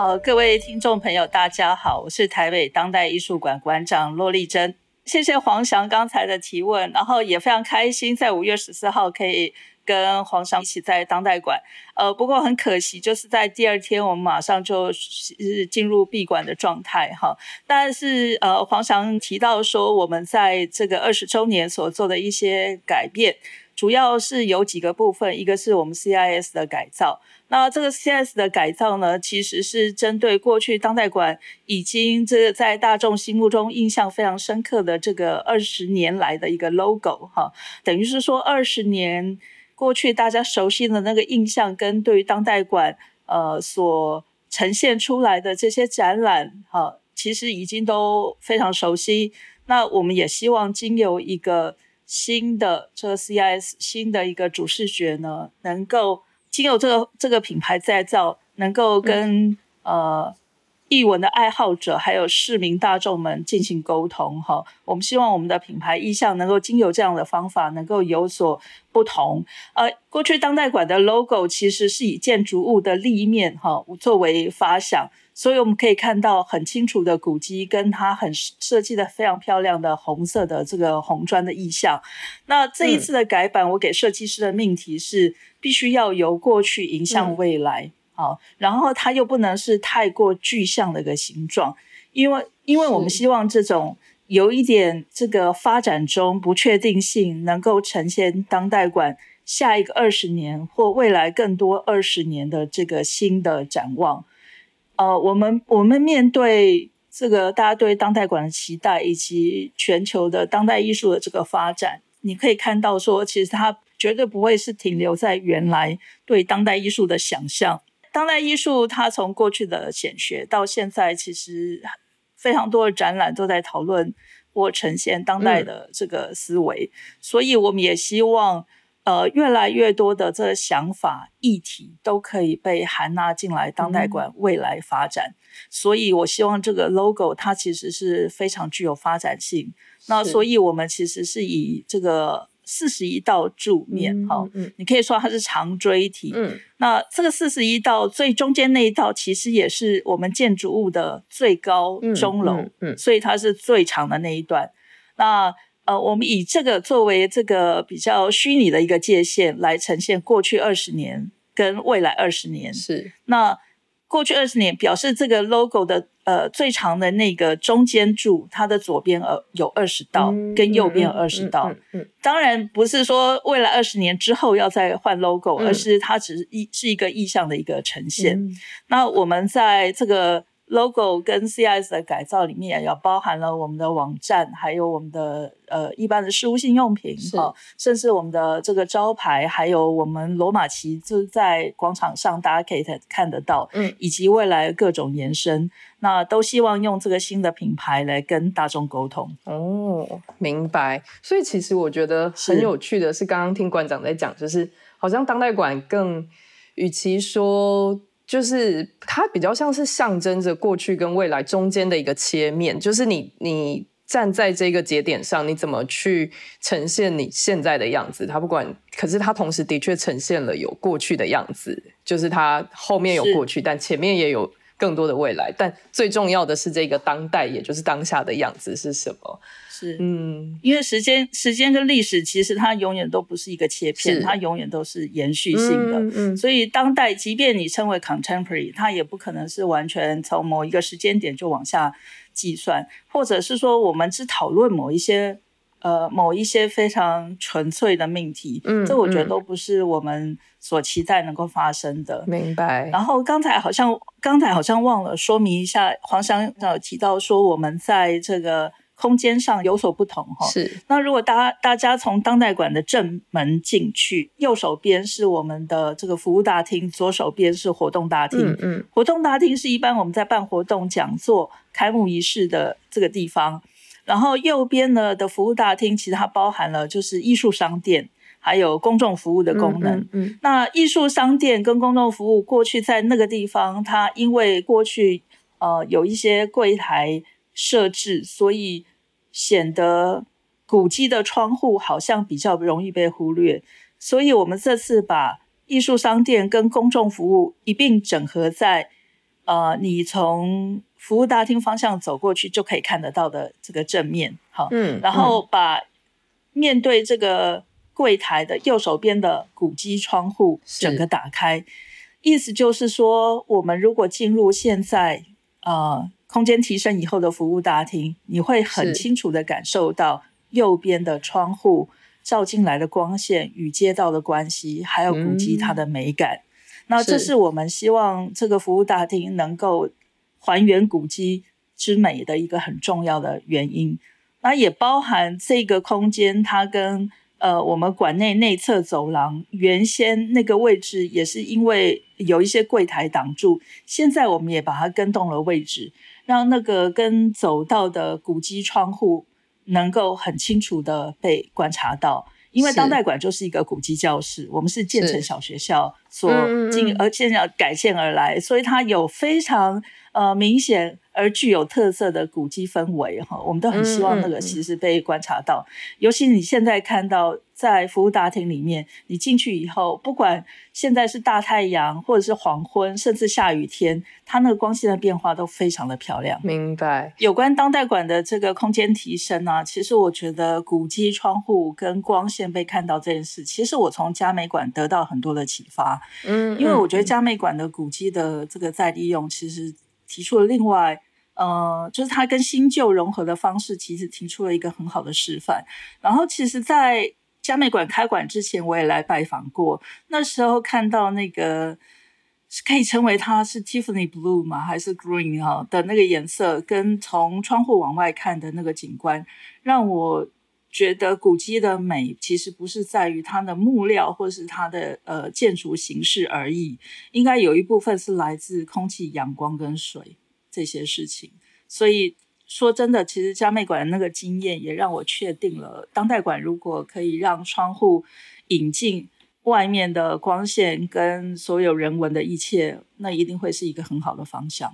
好，各位聽眾朋友，大家好，我是台北當代藝術館館長駱麗真。謝謝黃翔剛才的提問，然後也非常開心在五月十四號可以跟黃翔一起在當代館。呃，不過很可惜，就是在第二天我們馬上就進入閉館的狀態哈。但是呃，黃翔提到說，我們在這個二十周年所做的一些改變，主要是有幾個部分，一個是我們 CIS 的改造。那這個 CIS 的改造呢，其實是針對過去當代館已經這個在大眾心目中印象非常深刻的這個二十年來的一個 logo 哈、啊，等於是說，二十年過去，大家熟悉的那個印象跟對於當代館呃所呈現出來的這些展覽哈、啊，其實已經都非常熟悉。那我們也希望經由一個新的這個 CIS 新的一個主視覺呢，能夠。經由這個這個品牌再造，能夠跟、嗯、呃、藝文的愛好者，還有市民大眾們進行溝通哈。我們希望我們的品牌意象能夠經由這樣的方法，能夠有所不同。呃，過去當代館的 logo 其實是以建築物的立面哈作為發想，所以我們可以看到很清楚的古蹟，跟它很設計的非常漂亮的紅色的這個紅磚的意象。那這一次的改版，嗯、我給設計師的命題是必須要由過去迎向未來。嗯然後它又不能是太過具象的一個形狀，因為因為我們希望這種有一點這個發展中不確定性，能夠呈現當代館下一個二十年或未來更多二十年的這個新的展望。呃，我們我們面對這個大家對當代館的期待，以及全球的當代藝術的這個發展，你可以看到說，其實它絕對不會是停留在原來對當代藝術的想象。當代藝術，它從過去的顯學到現在，其實非常多的展覽都在討論或呈現當代的這個思維，嗯、所以我們也希望，呃，越來越多的這想法、議題都可以被涵納進來。當代館未來發展，嗯、所以我希望這個 logo 它其實是非常具有發展性。是那所以，我們其實是以這個。四十一道柱面，好、嗯，嗯、你可以說它是長錐體。嗯，那這個四十一道最中間那一道，其實也是我們建築物的最高鐘樓，嗯嗯嗯、所以它是最長的那一段。那呃，我們以這個作為這個比較虛擬的一個界限來呈現過去二十年跟未來二十年。是，那過去二十年表示這個 logo 的。呃，最長的那個中間柱，它的左邊呃有二十道，嗯、跟右邊有二十道。嗯嗯嗯嗯、當然不是說未來二十年之後要再換 logo，而是它只是一是一個意向的一個呈現。嗯、那我們在這個。logo 跟 CIS 的改造裡面，要包含了我們的網站，還有我們的呃一般的事務性用品好，是甚至我們的這個招牌，還有我們羅馬旗就在廣場上，大家可以看得到，嗯、以及未來各種延伸，那都希望用這個新的品牌來跟大眾溝通。哦，明白。所以其實我覺得很有趣的是，剛剛聽館長在講，就是好像當代館更與其說。就是它比較像是象徵着過去跟未來中間的一個切面，就是你你站在這個節點上，你怎麼去呈現你現在的樣子？它不管，可是它同時的確呈現了有過去的樣子，就是它後面有過去，是但前面也有更多的未來。但最重要的是這個當代，也就是當下的樣子是什麼？是，嗯，因為時間、時間跟歷史，其實它永遠都不是一個切片，是它永遠都是延續性的。嗯，嗯嗯，所以當代，即便你稱為 contemporary，它也不可能是完全從某一個時間點就往下計算，或者是說我們只討論某一些，呃，某一些非常純粹的命題。嗯，嗯，這我覺得都不是我們所期待能夠發生的。明白。然後剛才好像，剛才好像忘了說明一下，黃翔有提到說我們在這個。空間上有所不同，齁。是。那如果大家大家從當代館的正門進去，右手邊是我們的這個服務大廳，左手邊是活動大廳。嗯，嗯。活動大廳是一般我們在辦活動、講座、開幕儀式的這個地方。然後右邊呢的服務大廳，其實它包含了就是藝術商店，還有公眾服務的功能。嗯，嗯，嗯。那藝術商店跟公眾服務，過去在那個地方，它因為過去呃有一些櫃台。設置，所以顯得古蹟的窗戶好像比較容易被忽略。所以我們這次把藝術商店跟公眾服務一併整合在，呃，你從服務大廳方向走過去就可以看得到的這個正面，好，嗯，然後把面對這個櫃台的右手邊的古蹟窗戶整個打開，是意思就是說，我們如果進入現在，呃。空間提升以後的服務大廳，你會很清楚的感受到右邊的窗戶照進來的光線與街道的關係，還有古蹟它的美感。嗯、那這是我們希望這個服務大廳能夠還原古蹟之美的一個很重要的原因。那也包含這個空間，它跟呃我們館內內側走廊原先那個位置，也是因為有一些櫃台擋住，現在我們也把它更動了位置。讓那個跟走道的古蹟窗戶能夠很清楚的被觀察到，因為當代館就是一個古蹟教室，是我們是建成小學校所進，而建要改建而來，嗯嗯，所以它有非常呃明顯。而具有特色的古蹟氛圍哈，我們都很希望那個其實被觀察到。嗯嗯嗯。尤其你現在看到在服務大廳裡面，你進去以後，不管現在是大太陽，或者是黃昏，甚至下雨天，它那個光線的變化都非常的漂亮。明白。有關當代館的這個空間提升呢，啊，其實我覺得古蹟窗戶跟光線被看到這件事，其實我從嘉美館得到很多的啟發。嗯，嗯，因為我覺得嘉美館的古蹟的這個再利用，其實提出了另外。呃，就是它跟新舊融合的方式，其實提出了一個很好的示範。然後，其實，在嘉美館開館之前，我也來拜訪過。那時候看到那個，可以稱為它是 Tiffany Blue 嗎？還是 Green 哈、哦？的那個顏色，跟從窗戶往外看的那個景觀，讓我覺得古蹟的美其實不是在於它的木料，或是它的呃建築形式而已，應該有一部分是來自空氣、陽光跟水。這些事情，所以說真的，其實嘉美館的那個經驗也讓我確定了，當代館如果可以讓窗戶引進外面的光線跟所有人文的一切，那一定會是一個很好的方向。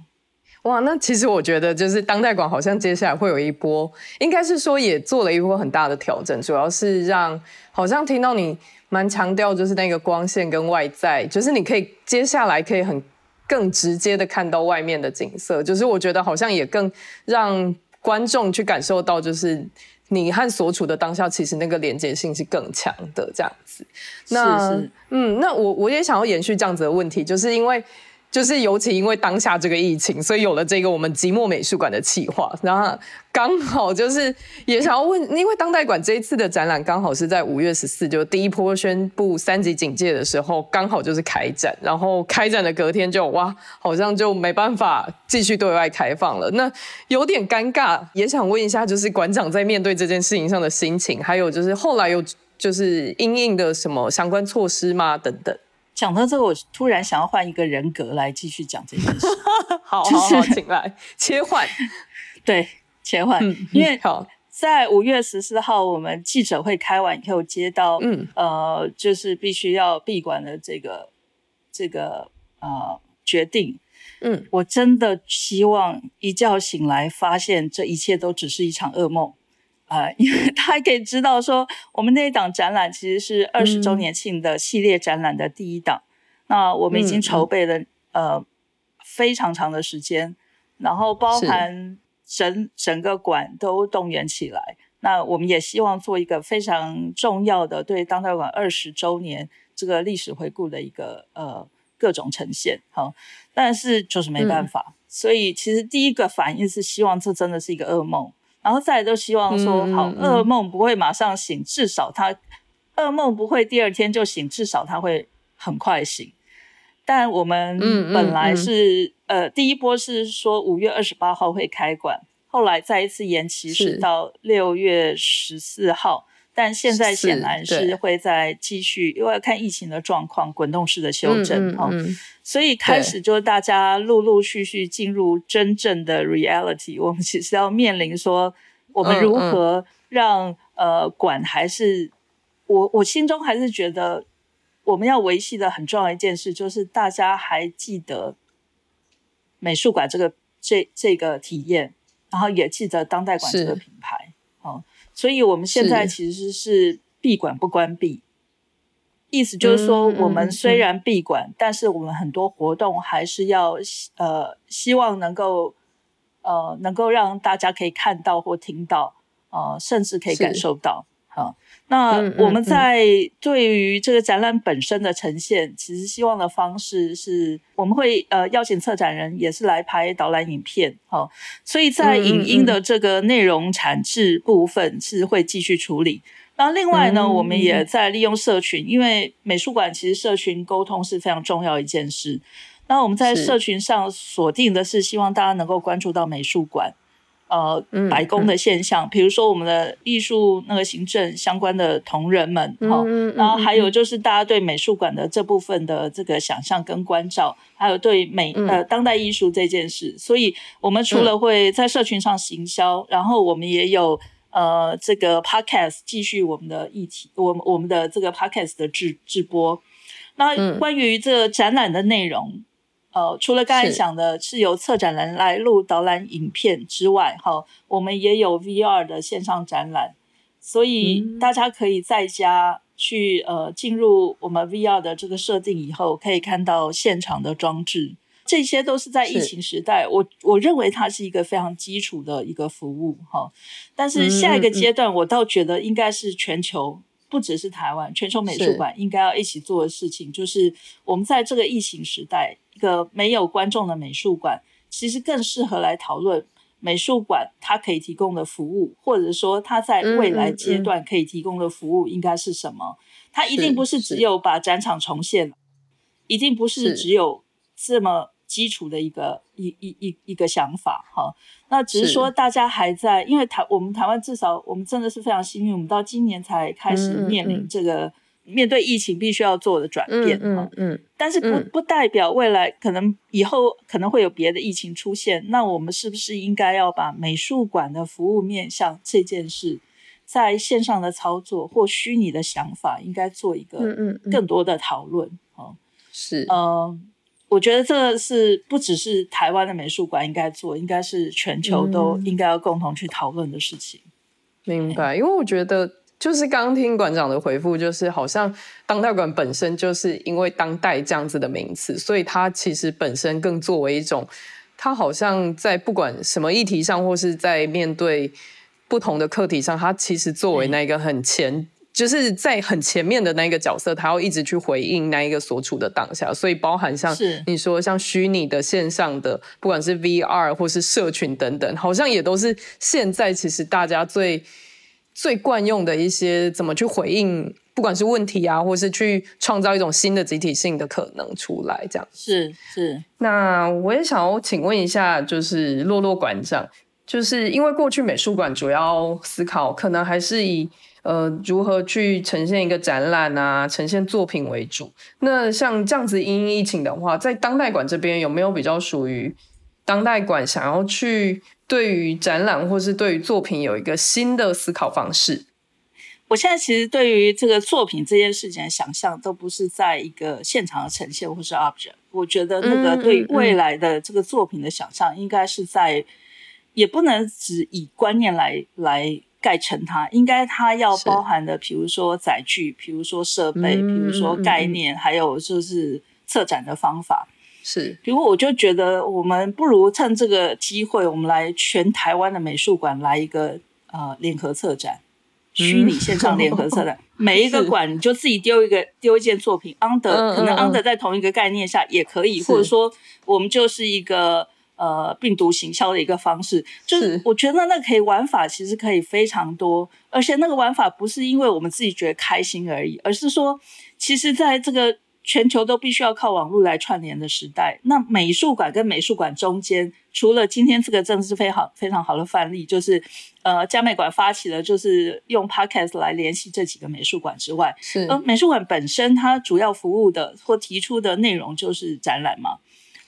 哇，那其實我覺得，就是當代館好像接下來會有一波，應該是說也做了一波很大的調整，主要是讓好像聽到你蠻強調，就是那個光線跟外在，就是你可以接下來可以很。更直接的看到外面的景色，就是我覺得好像也更讓觀眾去感受到，就是你和所處的當下其實那個連接性是更強的這樣子。是是，那嗯，那我我也想要延續這樣子的問題，就是因為。就是尤其因為當下這個疫情，所以有了這個我們寂寞美術館的企劃，然後剛好就是也想要問，因為當代館這一次的展覽剛好是在五月十四，就是第一波宣布三級警戒的時候，剛好就是開展，然後開展的隔天就哇，好像就沒辦法繼續對外開放了，那有點尷尬。也想問一下，就是館長在面對這件事情上的心情，還有就是後來有就是因應的什麼相關措施嗎？等等。講到這個，我突然想要換一個人格，來繼續講這件事。 好，好，好，就是來切換， 對，切換。 因為在五月十四號，我們記者會開完以後，接到嗯呃，就是必須要閉館的這個這個呃決定。嗯，我真的希望一覺醒來，發現這一切都只是一場噩夢。呃， 因為他可以知道說，我們那一檔展覽其實是二十周年慶的系列展覽的第一檔。嗯、那我們已經籌備了、嗯、呃非常長的時間，然後包含整是整個館都動員起來。那我們也希望做一個非常重要的對當代館二十周年這個歷史回顧的一個呃各種呈現。好，但是就是沒辦法，嗯、所以其實第一個反應是希望這真的是一個噩夢。然後再都希望說好，好噩、嗯嗯、夢不會馬上醒，至少他，噩夢不會第二天就醒，至少他會很快醒。但我們本來是、嗯嗯、呃，第一波是說五月二十八號會開館，後來再一次延期，是到六月十四號。但現在顯然是會再繼續，因為要看疫情的狀況，滾動式的修正啊。所以開始就大家陸陸續續進入真正的 reality，對我們其實要面臨說，我們如何讓、嗯、呃館、呃、還是我我心中還是覺得我們要維繫的很重要一件事，就是大家還記得美術館這個這這個體驗，然後也記得當代館這個品牌。所以我們現在其實是閉館不關閉，是意思就是說，我們雖然閉館，嗯嗯、但是我們很多活動還是要呃，希望能夠呃，能夠讓大家可以看到或聽到，呃，甚至可以感受到。那我們在對於這個展覽本身的呈現，其實希望的方式是我們會呃邀請策展人也是來拍導覽影片，好、哦，所以在影音的這個內容產製部分是會繼續處理。嗯、那另外呢，嗯、我們也在利用社群，嗯、因為美術館其實社群溝通是非常重要一件事。那我們在社群上鎖定的是希望大家能夠關注到美術館。呃，嗯嗯、白宮的現象，比如說我們的藝術那個行政相關的同仁們，哈、哦，嗯嗯嗯、然後還有就是大家對美術館的這部分的這個想象跟關照，還有對美呃當代藝術這件事，嗯、所以我們除了會在社群上行銷，嗯、然後我們也有呃這個 podcast 繼續我們的議題，我們我們的這個 podcast 的制直播。那關於這個展覽的內容。嗯哦、呃，除了剛才講的是，是由策展人來錄導覽影片之外，哈、哦，我們也有 V R 的線上展覽，所以大家可以在家去呃進入我們 V R 的這個設定以後，可以看到現場的裝置，這些都是在疫情時代，是我我認為它是一個非常基礎的一個服務，哈、哦。但是下一個階段，我倒覺得應該是全球。不只是台灣，全球美術館應該要一起做的事情，是就是我們在這個疫情時代，一個沒有觀眾的美術館，其實更適合來討論美術館它可以提供的服務，或者說它在未來階段可以提供的服務應該是什麼。它一定不是只有把展場重現，是一定不是只有這麼。基礎的一個一一一個想法哈、啊，那只是說大家還在，因為台我們台灣至少我們真的是非常幸運，我們到今年才開始面臨這個面對疫情必須要做的轉變，嗯，嗯，嗯，嗯、啊、但是不不代表未來可能以後可能會有別的疫情出現，那我們是不是應該要把美術館的服務面向這件事在線上的操作或虛擬的想法，應該做一個更多的討論，是嗯。我覺得這是不只是台灣的美術館應該做，應該是全球都應該要共同去討論的事情，嗯。明白，因為我覺得就是剛聽館長的回復，就是好像當代館本身就是因為“當代”這樣子的名詞，所以它其實本身更作為一種，它好像在不管什麼議題上，或是在面對不同的課題上，它其實作為那個很前。嗯就是在很前面的那一個角色，他要一直去回應那一個所處的當下，所以包含像你說像虛擬的線上的，不管是 VR 或是社群等等，好像也都是現在其實大家最最慣用的一些怎麼去回應，不管是問題啊，或是去創造一種新的集體性的可能出來，這樣是是。是那我也想要請問一下，就是駱駱館長，就是因為過去美術館主要思考，可能還是以。呃，如何去呈現一個展覽啊，呈現作品為主。那像這樣子因應疫情的話，在當代館這邊有沒有比較屬於當代館想要去對於展覽或是對於作品有一個新的思考方式？我現在其實對於這個作品這件事情的想象，都不是在一個現場的呈現或是 object。我覺得那個對於未來的這個作品的想象，應該是在，也不能只以觀念來來。蓋成它應該，它要包含的，比如說載具，是比如說設備，嗯、比如說概念，嗯、還有就是策展的方法。是，如果我就覺得我們不如趁這個機會，我們來全台灣的美術館來一個呃聯合策展，嗯、虛擬線上聯合策展， 每一個館你就自己丟一個丟一件作品。安德 可能安德在同一個概念下也可以，嗯、或者說我們就是一個。呃，病毒行銷的一個方式，就是我覺得那可以玩法其實可以非常多，是而且那個玩法不是因為我們自己覺得開心而已，而是說，其實在這個全球都必須要靠網絡來串聯的時代，那美術館跟美術館中間，除了今天這個正是非常非常好的範例，就是呃，嘉美館發起了就是用 podcast 來聯繫這幾個美術館之外，是，而美術館本身它主要服務的或提出的內容就是展覽嘛？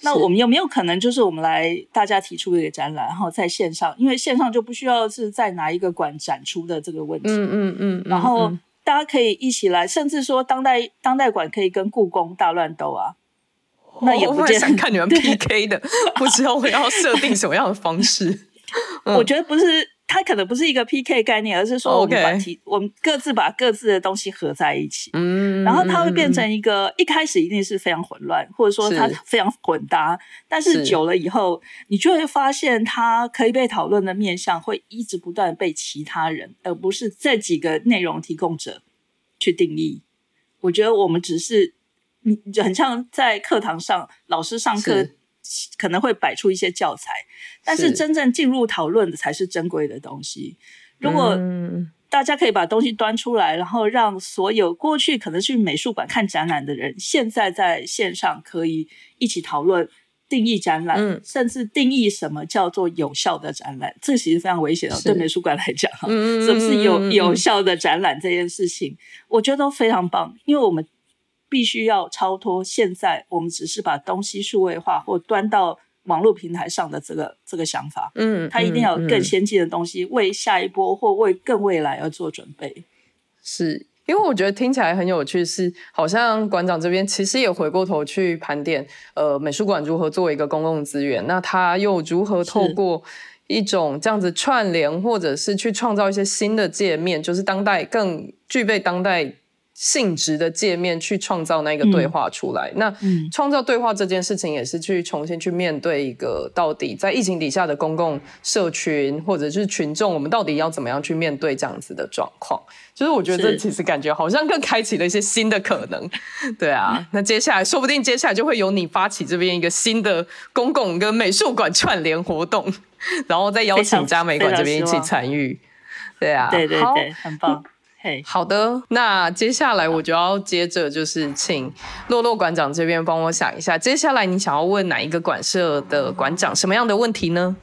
那我們有沒有可能，就是我們來大家提出一個展覽，然後在線上，因為線上就不需要是在哪一個館展出的這個問題。嗯嗯,嗯，然後大家可以一起來，甚至說當代當代館可以跟故宮大亂鬥啊，那也不見得，我會想看你們 PK 的，不對 知道我要設定什麼樣的方式。嗯、我覺得不是。它可能不是一個 PK 概念，而是說我們把提 Okay. 我們各自把各自的東西合在一起，嗯，然後它會變成一個、嗯、一開始一定是非常混亂，或者說它非常混搭，是但是久了以後，你就會發現它可以被討論的面向會一直不斷被其他人，而不是這幾個內容提供者去定義。我覺得我們只是，你就很像在課堂上老師上課。可能會擺出一些教材，但是真正進入討論的才是珍貴的東西。如果大家可以把東西端出來，然後讓所有過去可能去美術館看展覽的人，現在在線上可以一起討論定義展覽，嗯、甚至定義什麼叫做有效的展覽，這其實非常危險哦，對美術館來講，哦，哈是，是不是有有效的展覽這件事情，我覺得都非常棒，因為我們。必須要超脫現在，我們只是把東西數位化或端到網絡平台上的這個這個想法，嗯，它一定要有更先進的東西，為下一波或為更未來而做準備。是，因為我覺得聽起來很有趣是，是好像館長這邊其實也回過頭去盤點，呃，美術館如何作為一個公共資源，那他又如何透過一種這樣子串聯，或者是去創造一些新的界面，就是當代更具備當代。性質的界面，去創造那個對話出來。嗯、那創造對話這件事情，也是去重新去面對一個到底在疫情底下的公共社群，或者是群眾，我們到底要怎麼樣去面對這樣子的狀況？就是我覺得這其實感覺好像更開啟了一些新的可能。對啊，嗯、那接下來說不定接下來就會由你發起這邊一個新的公共跟美術館串聯活動，然後再邀請嘉美館這邊一起參與。對啊，對對對，好很棒。好的，那接下來我就要接着就是請洛洛館長這邊幫我想一下，接下來你想要問哪一個館舍的館長什麼樣的問題呢？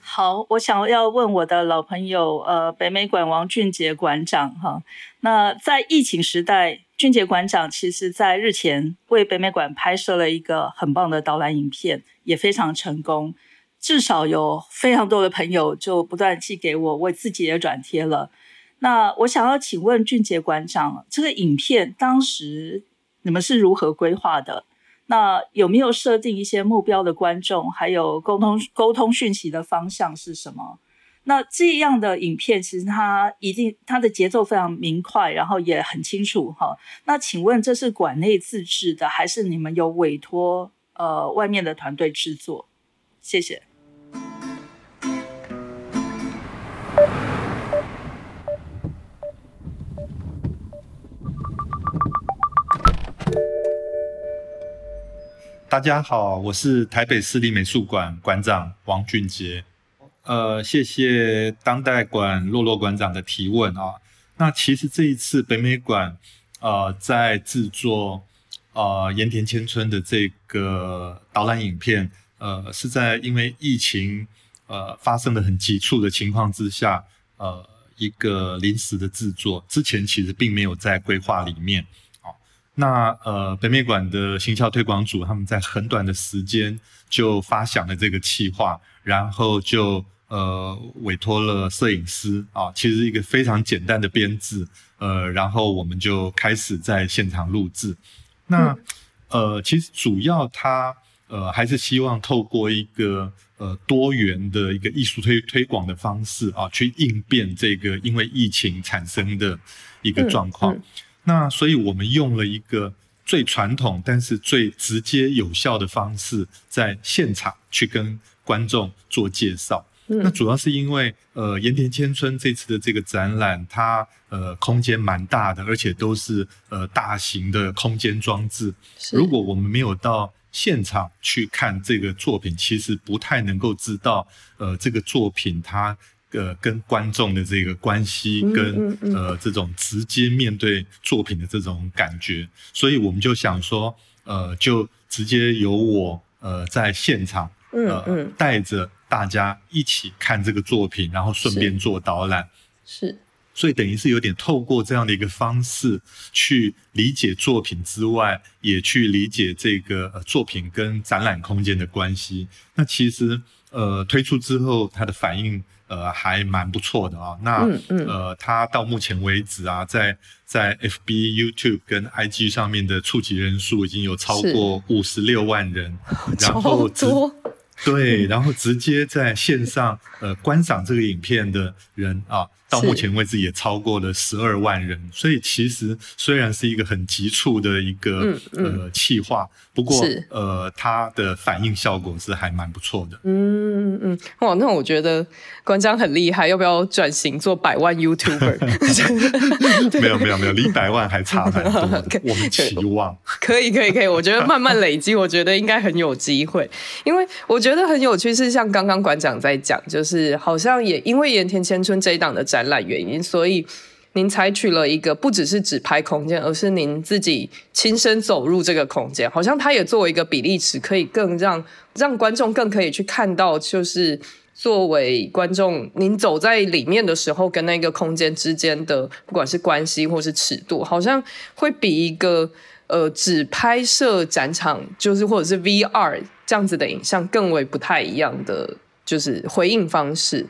好，我想要問我的老朋友，呃，北美館王俊杰館長哈。那在疫情時代，俊杰館長其實在日前為北美館拍攝了一個很棒的導覽影片，也非常成功，至少有非常多的朋友就不斷寄給我，我自己也轉貼了。那我想要請問俊杰館長，這個影片當時你們是如何規劃的？那有沒有設定一些目標的觀眾？還有溝通溝通訊息的方向是什麼？那這樣的影片其實它一定它的節奏非常明快，然後也很清楚哈。那請問這是館內自制的，還是你們有委托呃外面的團隊制作？謝謝。大家好，我是台北市立美術館館長王俊傑。呃，謝謝當代館洛洛館長的提問啊。那其實這一次北美館呃在制作呃鹽田千春的這個導覽影片，呃是在因爲疫情呃發生的很急促的情況之下，呃一個臨時的制作，之前其實並沒有在規劃裡面。那呃，北美館的行銷推廣組他們在很短的時間就發想了這個企劃，然後就呃委托了攝影師啊，其實一個非常簡單的編制，呃，然後我們就開始在現場錄制。嗯、那呃，其實主要他呃還是希望透過一個呃多元的一個藝術推推廣的方式啊，去應變這個因為疫情產生的一個狀況。嗯嗯那所以，我們用了一個最傳統但是最直接有效的方式，在現場去跟觀眾做介紹。嗯、那主要是因為，呃，鹽田千春這次的這個展覽，它呃空間蠻大的，而且都是呃大型的空間裝置。是如果我們沒有到現場去看這個作品，其實不太能夠知道，呃，這個作品它。呃，跟觀眾的這個關係，跟呃這種直接面對作品的這種感覺，嗯嗯、所以我們就想說，呃，就直接由我呃在現場，呃嗯，帶着大家一起看這個作品，然後順便做導覽，是，所以等於是有點透過這樣的一個方式去理解作品之外，也去理解這個、呃、作品跟展覽空間的關係。那其實呃推出之後，它的反應。呃，還蠻不錯的啊、哦。那、嗯嗯、呃，他到目前為止啊，在在 FB、YouTube 跟 IG 上面的觸及人數已經有超過五十六萬人，是然後只。對，然後直接在線上呃觀賞這個影片的人啊，到目前為止也超過了十二萬人。所以其實雖然是一個很急促的一個呃企劃，不過呃他的反應效果是還蠻不錯的。嗯嗯嗯，哇，那我覺得館長很厲害，要不要轉型做百萬 YouTuber？沒有沒有沒有，離百萬還差很多，我很期望。可以可以可以，我覺得慢慢累積，我覺得應該很有機會，因為我覺得。覺得很有趣，是像剛剛館長在講，就是好像也因為鹽田千春這一檔的展覽原因，所以您採取了一個不只是只拍空間，而是您自己親身走入這個空間，好像它也作為一個比例尺，可以更讓讓觀眾更可以去看到，就是作為觀眾您走在裡面的時候，跟那個空間之間的不管是關係或是尺度，好像會比一個。呃，只拍攝展場，就是或者是 VR 這樣子的影像，更為不太一樣的就是回應方式。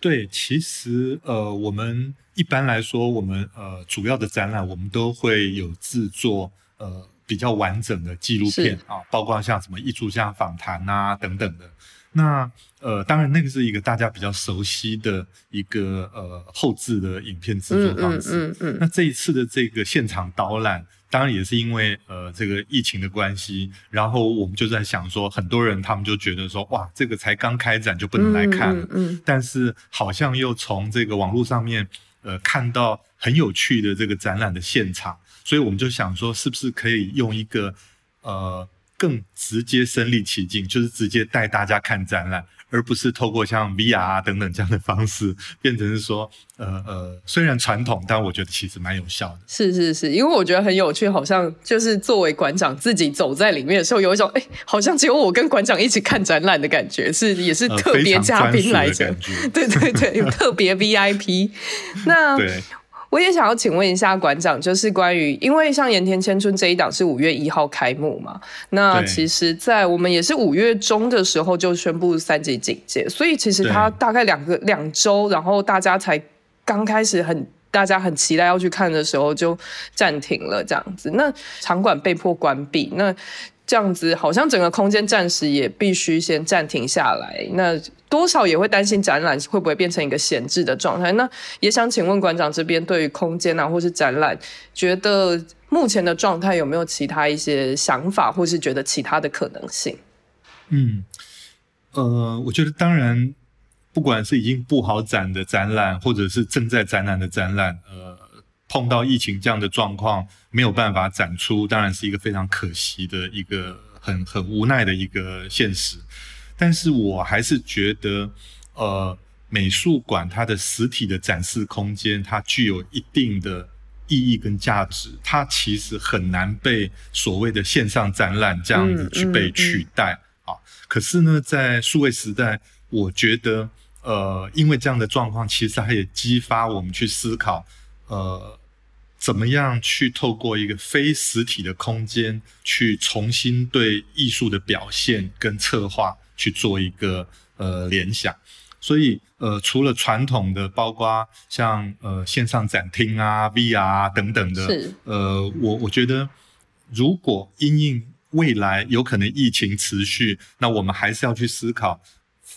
對，其實呃，我們一般來說，我們呃主要的展覽，我們都會有製作呃比較完整的紀錄片是啊，包括像什麼藝術家訪談啊等等的。那呃，當然那個是一個大家比較熟悉的一個呃後製的影片製作方式。嗯嗯。嗯嗯嗯，那這一次的這個現場導覽。當然也是因為呃這個疫情的關係，然後我們就在想說，很多人他們就覺得說，哇，這個才剛開展就不能來看了。嗯、嗯、嗯。但是好像又從這個網絡上面呃看到很有趣的這個展覽的現場，所以我們就想說，是不是可以用一個呃更直接身臨其境，就是直接帶大家看展覽。而不是透過像 VR、啊、等等這樣的方式，變成是說，呃呃，雖然傳統，但我覺得其實蠻有效的。是是是，因為我覺得很有趣，好像就是作為館長自己走在裡面的時候，有一種哎、欸，好像只有我跟館長一起看展覽的感覺，嗯、是也是特別嘉賓來、呃、的，對對對，有特別 VIP。 那，對。我也想要請問一下館長，就是關於，因為像鹽田千春這一檔是五月一號開幕嘛，那其實，在我們也是五月中的時候就宣布三級警戒，所以其實他大概兩個兩週對，然後大家才剛開始，很大家很期待要去看的時候就暫停了，這樣子，那場館被迫關閉，那。這樣子好像整個空間暫時也必須先暫停下來，那多少也會擔心展覽會不會變成一個閒置的狀態。那也想請問館長這邊對於空間啊，或是展覽，覺得目前的狀態有沒有其他一些想法，或是覺得其他的可能性？嗯，呃，我覺得當然，不管是已經佈好展的展覽，或者是正在展覽的展覽，呃。碰到疫情這樣的狀況，沒有辦法展出，當然是一個非常可惜的一個很很無奈的一個現實。但是我還是覺得，呃，美術館它的實體的展示空間，它具有一定的意義跟價值，它其實很難被所謂的線上展覽這樣子去被取代、嗯嗯嗯、啊。可是呢，在數位時代，我覺得，呃，因為這樣的狀況，其實它也激發我們去思考。呃，怎麼樣去透過一個非實體的空間，去重新對藝術的表現跟策劃去做一個呃聯想。所以呃，除了傳統的，包括像呃線上展廳啊、VR 啊等等的，是呃，我我覺得如果因應未來有可能疫情持續，那我們還是要去思考。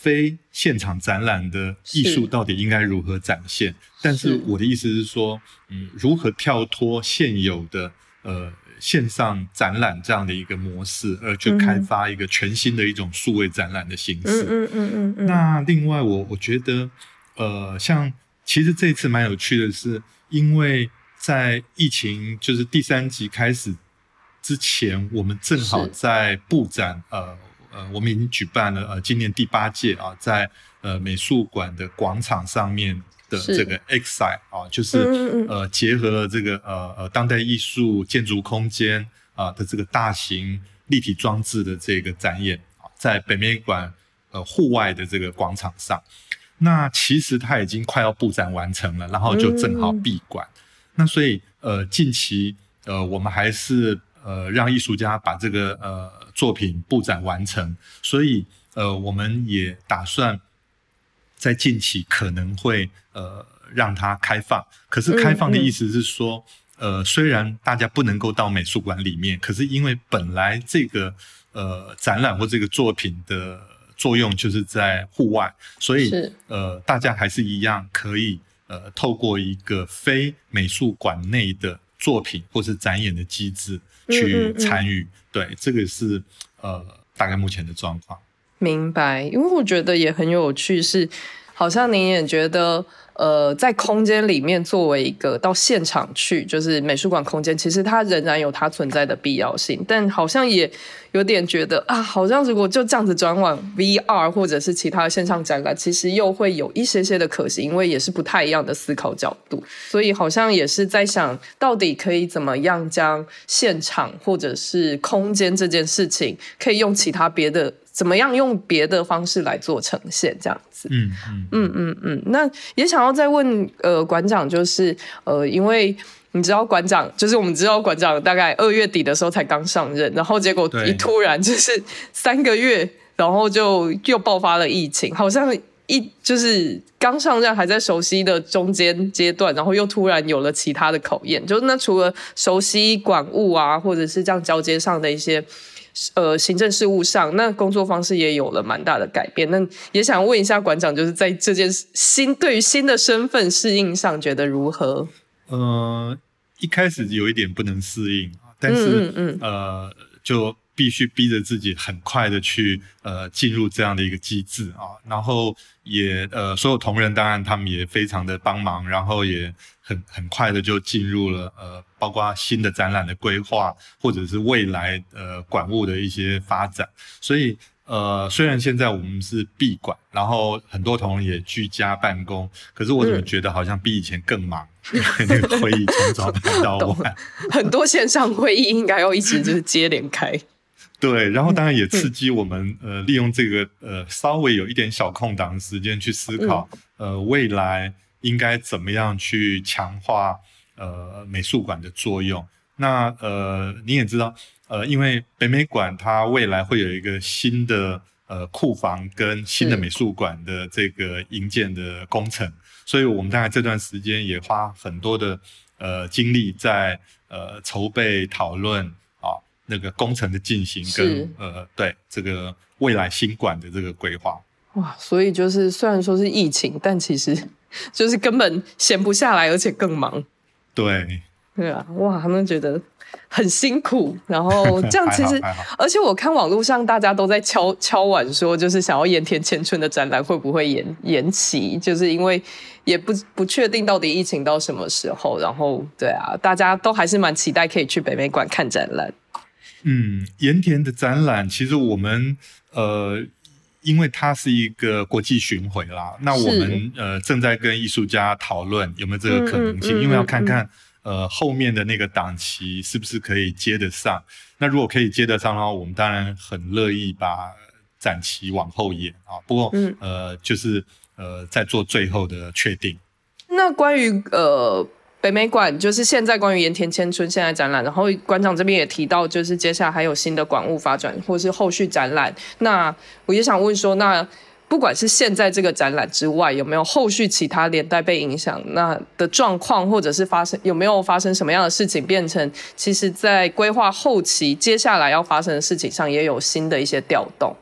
非現場展覽的藝術到底應該如何展現？是是，但是我的意思是說，嗯，如何跳脫現有的呃線上展覽這樣的一個模式，而去開發一個全新的一種數位展覽的形式。嗯嗯，嗯嗯嗯嗯。那另外我，我我覺得，呃，像其實這一次蠻有趣的是，因為在疫情就是第三級開始之前，我們正好在布展，是呃。呃，我們已經舉辦了呃今年第八屆啊，在呃美術館的廣場上面的這個 X-site 啊是、呃，就是嗯嗯呃結合了這個呃呃當代藝術建築空間啊、呃、的這個大型立體裝置的這個展演啊，在北美館呃戶外的這個廣場上。那其實它已經快要布展完成了，然後就正好閉館。嗯、那所以呃近期呃我們還是。呃，讓藝術家把這個呃作品布展完成，所以呃，我們也打算在近期可能會呃讓它開放。可是開放的意思是說，嗯嗯、呃，雖然大家不能夠到美術館裡面，可是因為本來這個呃展覽或這個作品的作用就是在戶外，所以是呃，大家還是一樣可以呃透過一個非美術館內的作品或是展演的機制。去參與，嗯嗯嗯對，這個是呃，大概目前的狀況。明白，因為我覺得也很有趣是，是好像你也覺得。呃，在空間裡面作為一個到現場去，就是美術館空間，其實它仍然有它存在的必要性。但好像也有點覺得啊，好像如果就這樣子轉往 VR 或者是其他線上展覽，其實又會有一些些的可惜，因為也是不太一樣的思考角度。所以好像也是在想到底可以怎麼樣將現場或者是空間這件事情，可以用其他別的怎麼樣用別的方式來做呈現，這樣子。嗯嗯嗯嗯嗯，那也想要。然後再問呃館長，就是呃，因為你知道館長，就是我們知道館長大概二月底的時候才剛上任，然後結果一突然就是三個月，對然後就又爆發了疫情，好像一就是剛上任還在熟悉的中間階段，然後又突然有了其他的考驗，就那除了熟悉館務啊，或者是這樣交接上的一些。呃，行政事務上，那工作方式也有了蠻大的改變。那也想問一下館長，就是在這件新對於新的身份適應上，覺得如何？嗯、呃，一開始有一點不能適應，但是嗯嗯嗯呃，就必須逼着自己很快的去呃進入這樣的一個機制啊、呃。然後也呃，所有同仁當然他們也非常的幫忙，然後也。很很快的就進入了呃，包括新的展覽的規劃，或者是未來呃館務的一些發展。所以呃，雖然現在我們是閉館，然後很多同仁也居家辦公，可是我怎麼覺得好像比以前更忙？嗯、 因為那個會議從早到晚 ，很多線上會議應該要一直就是接連開。 對，然後當然也刺激我們呃，利用這個呃稍微有一點小空檔的時間去思考、嗯、呃未來。應該怎麼樣去強化呃美術館的作用？那呃你也知道，呃因為北美館它未來會有一個新的呃庫房跟新的美術館的這個營建的工程，嗯、所以我們大概這段時間也花很多的呃精力在呃籌備討論啊那個工程的進行跟是呃對這個未來新館的這個規劃。哇，所以就是雖然說是疫情，但其實就是根本閒不下來，而且更忙。對對啊，哇，他們覺得很辛苦。然後這樣其實， 而且我看網絡上大家都在敲敲碗說，就是想要鹽田千春的展覽會不會延延期？就是因為也不不確定到底疫情到什麼時候。然後對啊，大家都還是蠻期待可以去北美館看展覽。嗯，鹽田的展覽其實我們呃。因為它是一個國際巡迴啦，那我們呃正在跟藝術家討論有沒有這個可能性，是因為要看看呃後面的那個檔期是不是可以接得上。那如果可以接得上的話，我們當然很樂意把展期往後延啊。不過呃就是呃在做最後的確定。那關於呃。北美館就是現在關於鹽田千春現在展覽，然後館長這邊也提到，就是接下來還有新的館務發展，或是後續展覽。那我也想問說，那不管是現在這個展覽之外，有沒有後續其他連帶被影響那的狀況，或者是發生有沒有發生什麼樣的事情，變成其實在規劃後期接下來要發生的事情上也有新的一些調動。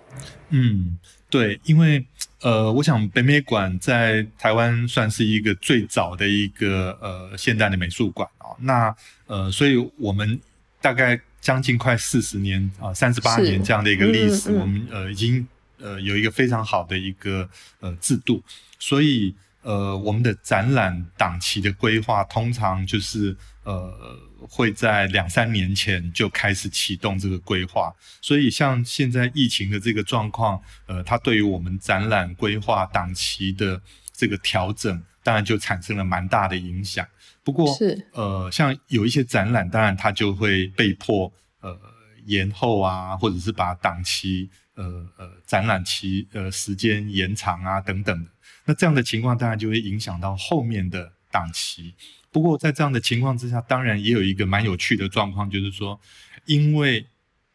嗯。對，因為呃，我想北美館在台灣算是一個最早的一個呃現代的美術館啊、哦。那呃，所以我們大概將近快四十年啊，三十八年這樣的一個歷史，嗯嗯、我們呃已經呃有一個非常好的一個呃制度，所以呃我們的展覽檔期的規劃，通常就是呃。會在兩三年前就開始啟動這個規劃，所以像現在疫情的這個狀況，呃，它對於我們展覽規劃檔期的這個調整，當然就產生了蠻大的影響。不過，是呃，像有一些展覽，當然它就會被迫呃延後啊，或者是把檔期呃呃展覽期呃時間延長啊等等的。那這樣的情況，當然就會影響到後面的。檔期，不過在這樣的情況之下，當然也有一個蠻有趣的狀況，就是說，因為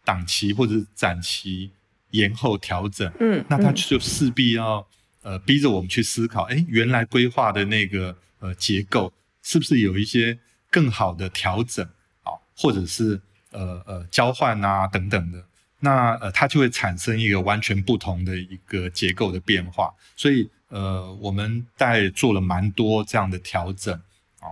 檔期或者是展期延後調整，嗯，嗯那它就勢必要呃逼着我們去思考，誒，原來規劃的那個呃結構是不是有一些更好的調整啊，或者是呃呃交換啊等等的，那呃它就會產生一個完全不同的一個結構的變化，所以。呃，我們大概做了蠻多這樣的調整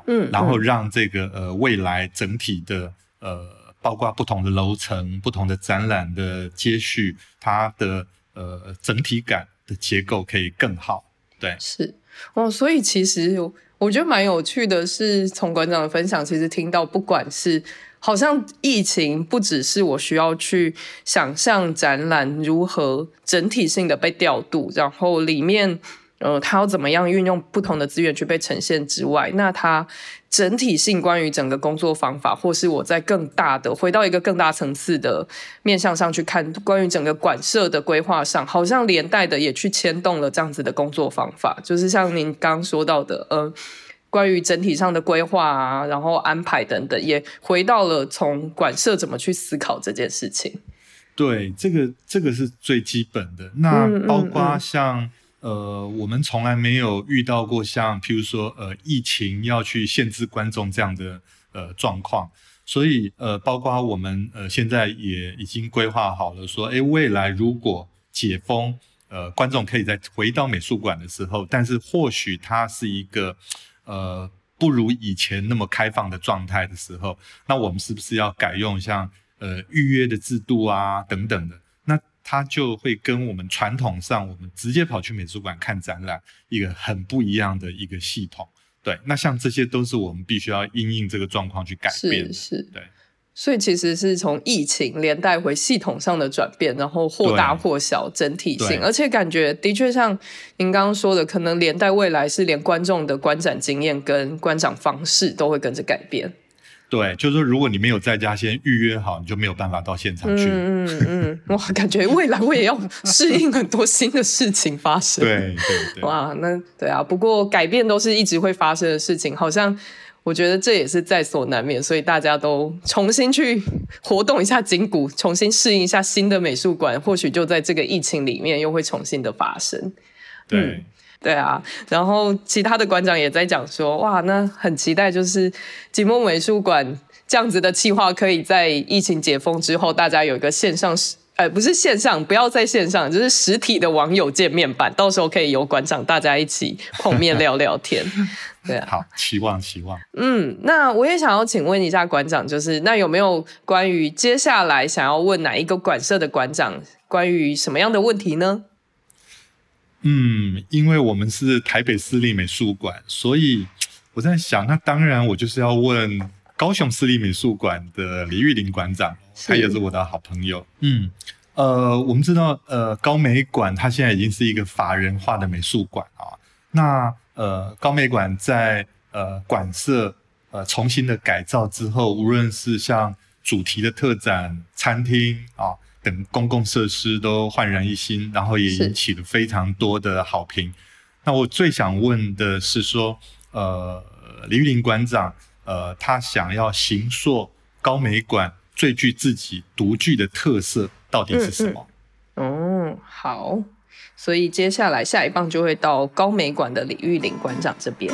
嗯，嗯然後讓這個呃未來整體的呃，包括不同的樓層、不同的展覽的接續，它的呃整體感的結構可以更好，對，是哦。所以其實我覺得蠻有趣的是，從館長的分享，其實聽到不管是好像疫情，不只是我需要去想象展覽如何整體性的被調度，然後裡面。呃，他要怎麼樣運用不同的資源去被呈現之外，那他整體性關於整個工作方法，或是我在更大的回到一個更大層次的面向上去看，關於整個館舍的規劃上，好像連帶的也去牽動了這樣子的工作方法，就是像您剛剛說到的，嗯、呃，關於整體上的規劃啊，然後安排等等，也回到了從館舍怎麼去思考這件事情。對，這個這個是最基本的，那包括像。嗯嗯嗯呃，我們從來沒有遇到過像，譬如說，呃，疫情要去限制觀眾這樣的呃狀況，所以呃，包括我們呃，現在也已經規劃好了，說，誒，未來如果解封，呃，觀眾可以再回到美術館的時候，但是或許它是一個呃不如以前那麼開放的狀態的時候，那我們是不是要改用像呃預約的制度啊，等等的？它就會跟我們傳統上我們直接跑去美術館看展覽一個很不一樣的一個系統，對。那像這些都是我們必須要因應這個狀況去改變，是是。對，所以其實是從疫情連帶回系統上的轉變，然後或大或小對整體性，對而且感覺的確像您剛剛說的，可能連帶未來是連觀眾的觀展經驗跟觀展方式都會跟着改變。對，就是說，如果你沒有在家先預約好，你就沒有辦法到現場去。嗯嗯，嗯，哇，感覺未來我也要適應很多新的事情發生。對對 對，對對，哇，那對啊，不過改變都是一直會發生的事情，好像我覺得這也是在所難免，所以大家都重新去活動一下筋骨，重新適應一下新的美術館，或許就在這個疫情裡面又會重新的發生。對。嗯對啊，然後其他的館長也在講說，哇，那很期待，就是寂寞美術館這樣子的企劃，可以在疫情解封之後，大家有一個線上，呃，不是線上，不要在線上，就是實體的網友見面版，到時候可以由館長大家一起碰面聊聊天。 對啊，好，期望期望。嗯，那我也想要請問一下館長，就是那有沒有關於接下來想要問哪一個館舍的館長，關於什麼樣的問題呢？嗯，因為我們是台北市立美術館，所以我在想，那當然我就是要問高雄市立美術館的李玉玲館長，他是也是我的好朋友。嗯，呃，我們知道，呃，高美館它現在已經是一個法人化的美術館啊，哦。那呃，高美館在呃館舍呃重新的改造之後，無論是像主題的特展、餐廳啊。哦等公共設施都煥然一新，然後也引起了非常多的好評。是那我最想問的是說，呃，李玉玲館長，呃，他想要形塑高美館最具自己獨具的特色到底是什麼嗯嗯？嗯，好，所以接下來下一棒就會到高美館的李玉玲館長這邊。